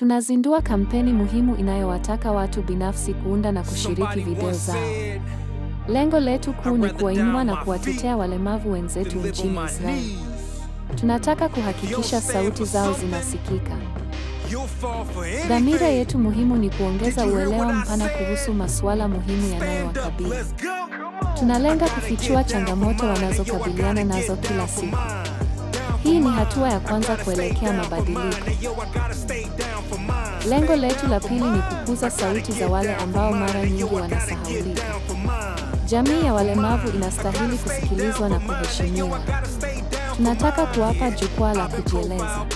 Tunazindua kampeni muhimu inayowataka watu binafsi kuunda na kushiriki video zao. Lengo letu kuu ni kuwainua na kuwatetea walemavu wenzetu nchini Israeli. Tunataka kuhakikisha sauti zao zinasikika. Dhamira yetu muhimu ni kuongeza uelewa mpana kuhusu masuala muhimu yanayowakabili. Tunalenga kufichua changamoto wanazokabiliana nazo kila siku. Hii ni hatua ya kwanza kuelekea mabadiliko. Lengo letu la pili ni kukuza sauti za wale ambao mara nyingi wanasahaulika. Jamii ya walemavu inastahili kusikilizwa na kuheshimiwa. Tunataka kuwapa jukwaa la kujieleza.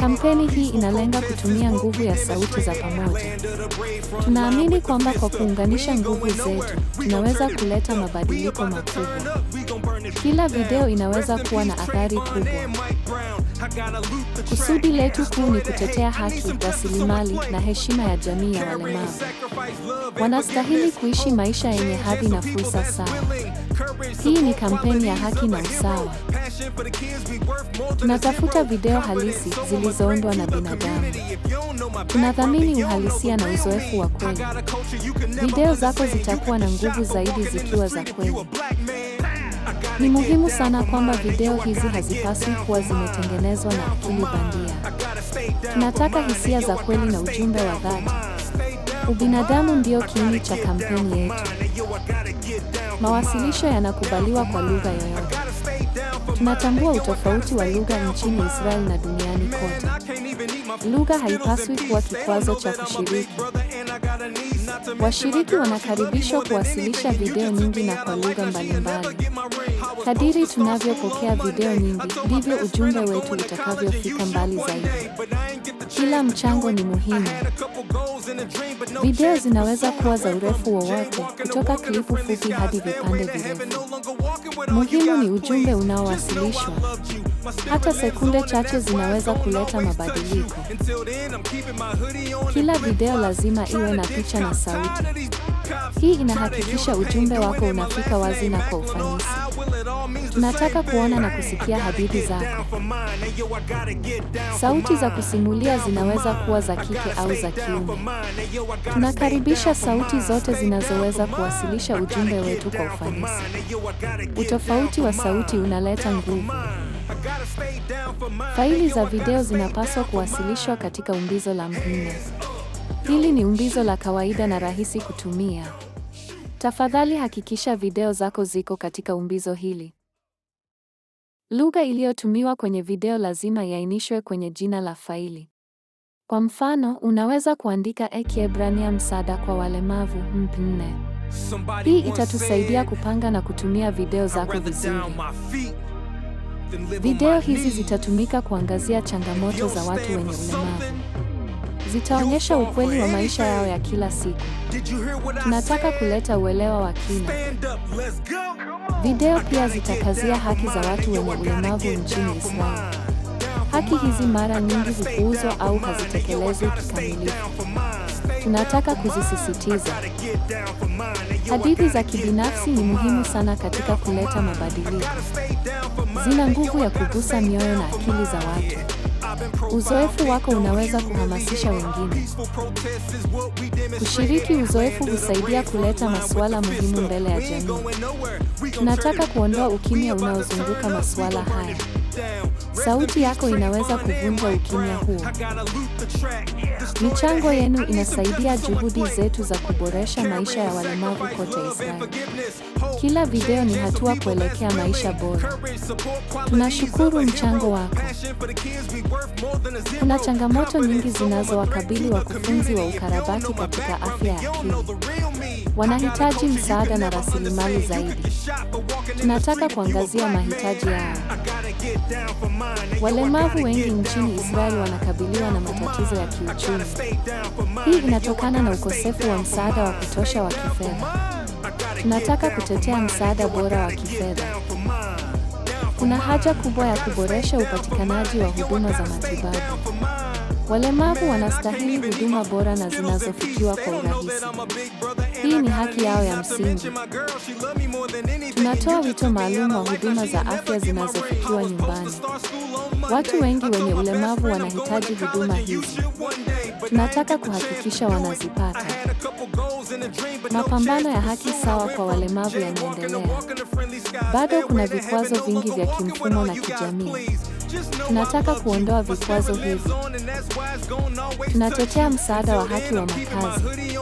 Kampeni hii inalenga kutumia nguvu ya sauti za pamoja. Tunaamini kwamba kwa kuunganisha nguvu zetu, tunaweza kuleta mabadiliko makubwa. Kila video inaweza kuwa na athari kubwa. Kusudi letu kuu ni kutetea haki, rasilimali na heshima ya jamii ya walemavu. Wanastahili kuishi maisha yenye hadhi na fursa sawa. Hii ni kampeni ya haki na usawa. Tunatafuta video halisi zilizoundwa na binadamu. Tunathamini uhalisia na uzoefu wa kweli. Video zako zitakuwa na nguvu zaidi zikiwa za kweli. Ni muhimu sana kwamba video hizi hazipaswi kuwa zimetengenezwa na akili bandia. Tunataka hisia za kweli na ujumbe wa dhati. Ubinadamu ndio kiini cha kampeni yetu. Mawasilisho yanakubaliwa kwa lugha yoyote. Tunatambua utofauti wa lugha nchini Israel na duniani kote. Lugha haipaswi kuwa kikwazo cha kushiriki. Washiriki wanakaribishwa kuwasilisha video nyingi na kwa lugha mbalimbali. Kadiri tunavyopokea video nyingi, ndivyo ujumbe wetu utakavyofika mbali zaidi. Kila mchango ni muhimu. Video zinaweza kuwa za urefu wowote, kutoka klipu fupi hadi vipande virefu. Muhimu ni ujumbe unaowasilishwa. Hata sekunde chache zinaweza kuleta mabadiliko. Kila video lazima iwe na picha na sauti. Hii inahakikisha ujumbe wako unafika wazi na kwa ufanisi. Tunataka kuona na kusikia hadithi zako. Sauti za kusimulia zinaweza kuwa za kike au za kiume. Tunakaribisha sauti zote zinazoweza kuwasilisha ujumbe wetu kwa ufanisi. Utofauti wa sauti unaleta nguvu. Faili za video zinapaswa kuwasilishwa katika umbizo la mnne. Hili ni umbizo la kawaida na rahisi kutumia. Tafadhali hakikisha video zako ziko katika umbizo hili. Lugha iliyotumiwa kwenye video lazima iainishwe kwenye jina la faili. Kwa mfano, unaweza kuandika Ekiebrania msaada kwa walemavu MP4. Hii itatusaidia kupanga na kutumia video zako vizuri. Video hizi zitatumika kuangazia changamoto za watu wenye ulemavu zitaonyesha ukweli wa maisha yao ya kila siku. Tunataka kuleta uelewa wa kina. Video pia zitakazia haki za watu wenye ulemavu nchini Israel. Haki hizi mara nyingi hupuuzwa au hazitekelezwi kikamilifu. Tunataka kuzisisitiza. Hadithi za kibinafsi ni muhimu sana katika kuleta mabadiliko. Zina nguvu ya kugusa mioyo na akili za watu. Uzoefu wako unaweza kuhamasisha wengine. Kushiriki uzoefu husaidia kuleta masuala muhimu mbele ya jamii. Tunataka kuondoa ukimya unaozunguka masuala haya. Sauti yako inaweza kuvunja ukimya huo. Michango yenu inasaidia juhudi zetu za kuboresha maisha ya walemavu kote Israeli. Kila video ni hatua kuelekea maisha bora. Tunashukuru mchango wako. Kuna changamoto nyingi zinazowakabili wakufunzi wa ukarabati katika afya ya akili. Wanahitaji msaada na rasilimali zaidi. Tunataka kuangazia mahitaji yao. Walemavu wengi nchini Israeli wanakabiliwa na matatizo ya kiuchumi. Hii inatokana na ukosefu wa msaada wa kutosha wa kifedha. Tunataka kutetea msaada bora wa kifedha. Kuna haja kubwa ya kuboresha upatikanaji wa huduma za matibabu. Walemavu wanastahili huduma bora na zinazofikiwa kwa urahisi. Hii ni haki yao ya msingi. Tunatoa wito maalum wa huduma za afya zinazofikiwa nyumbani. Watu wengi wenye ulemavu wanahitaji huduma hizi. Tunataka kuhakikisha wanazipata. Mapambano ya haki sawa kwa walemavu yanaendelea. Bado kuna vikwazo vingi vya kimfumo na kijamii. Tunataka kuondoa vikwazo hivi. Tunatetea msaada wa haki wa makazi.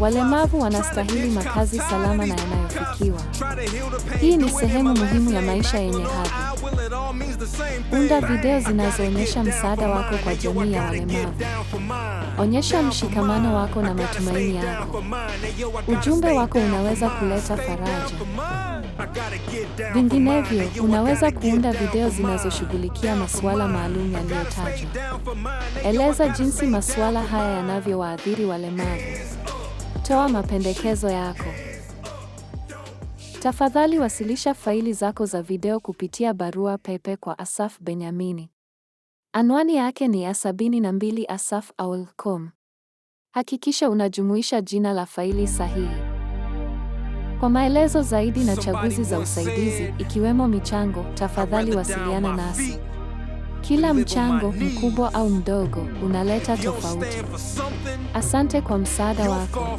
Walemavu wanastahili makazi salama na yanayofikiwa. Hii ni sehemu muhimu ya maisha yenye hadhi. Unda video zinazoonyesha msaada wako kwa jamii ya walemavu. Onyesha mshikamano wako na matumaini yako. Ujumbe wako unaweza kuleta faraja. Vinginevyo, unaweza kuunda video zinazoshughulikia masuala maalum yaliyotajwa. Eleza jinsi masuala haya yanavyowaathiri walemavu. Toa mapendekezo yako. Tafadhali wasilisha faili zako za video kupitia barua pepe kwa Asaf Benyamini. Anwani yake ni ya 72 asaf Hakikisha unajumuisha jina la faili sahihi. Kwa maelezo zaidi na chaguzi za usaidizi, ikiwemo michango, tafadhali wasiliana nasi. Kila mchango mkubwa au mdogo unaleta tofauti. Asante kwa msaada wako.